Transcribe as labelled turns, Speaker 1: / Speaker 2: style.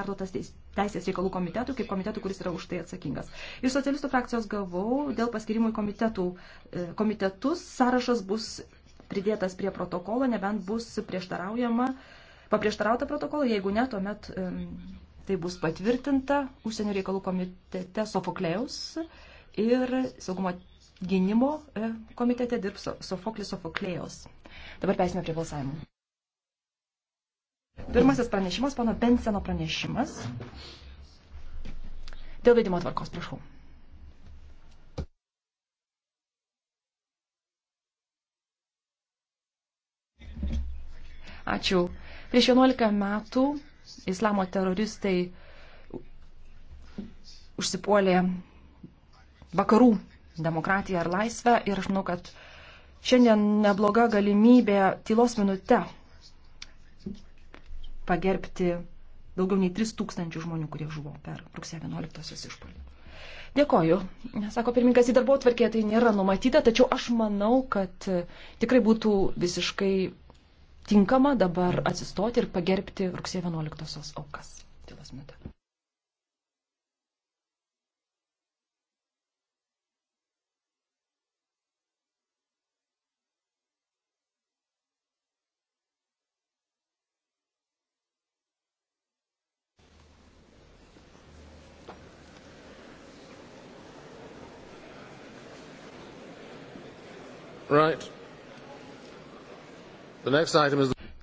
Speaker 1: perduotas Teisės reikalų komitetui, kaip komitetui, kuris yra už tai atsakingas. Iš socialistų frakcijos gavau dėl paskirimų į komitetų, e, komitetus. Sąrašas bus pridėtas prie protokolo, nebent bus prieštaraujama, paprieštarauta protokolo, jeigu ne, tuomet um, tai bus patvirtinta užsienio reikalų komitete Sofoklėjaus ir saugumo gynimo e, komitete dirbs Sofoklis Sofoklėjaus. Dabar persime prie balsavimo. Pirmasis pranešimas, pono Benseno pranešimas. Dėl vedimo tvarkos, prašau. Ačiū. Prieš 11 metų islamo teroristai užsipuolė vakarų demokratiją ar laisvę ir aš manau, kad šiandien nebloga galimybė tylos minute pagerbti daugiau nei 3000 žmonių, kurie žuvo per rugsėjo 11-osios išpolį. Dėkoju. Sako pirmininkas, į darbo atvarkė tai nėra numatyta, tačiau aš manau, kad e, tikrai būtų visiškai tinkama dabar atsistoti ir pagerbti rugsėjo 11-osios aukas. Tylos minutė. Right. The next item is the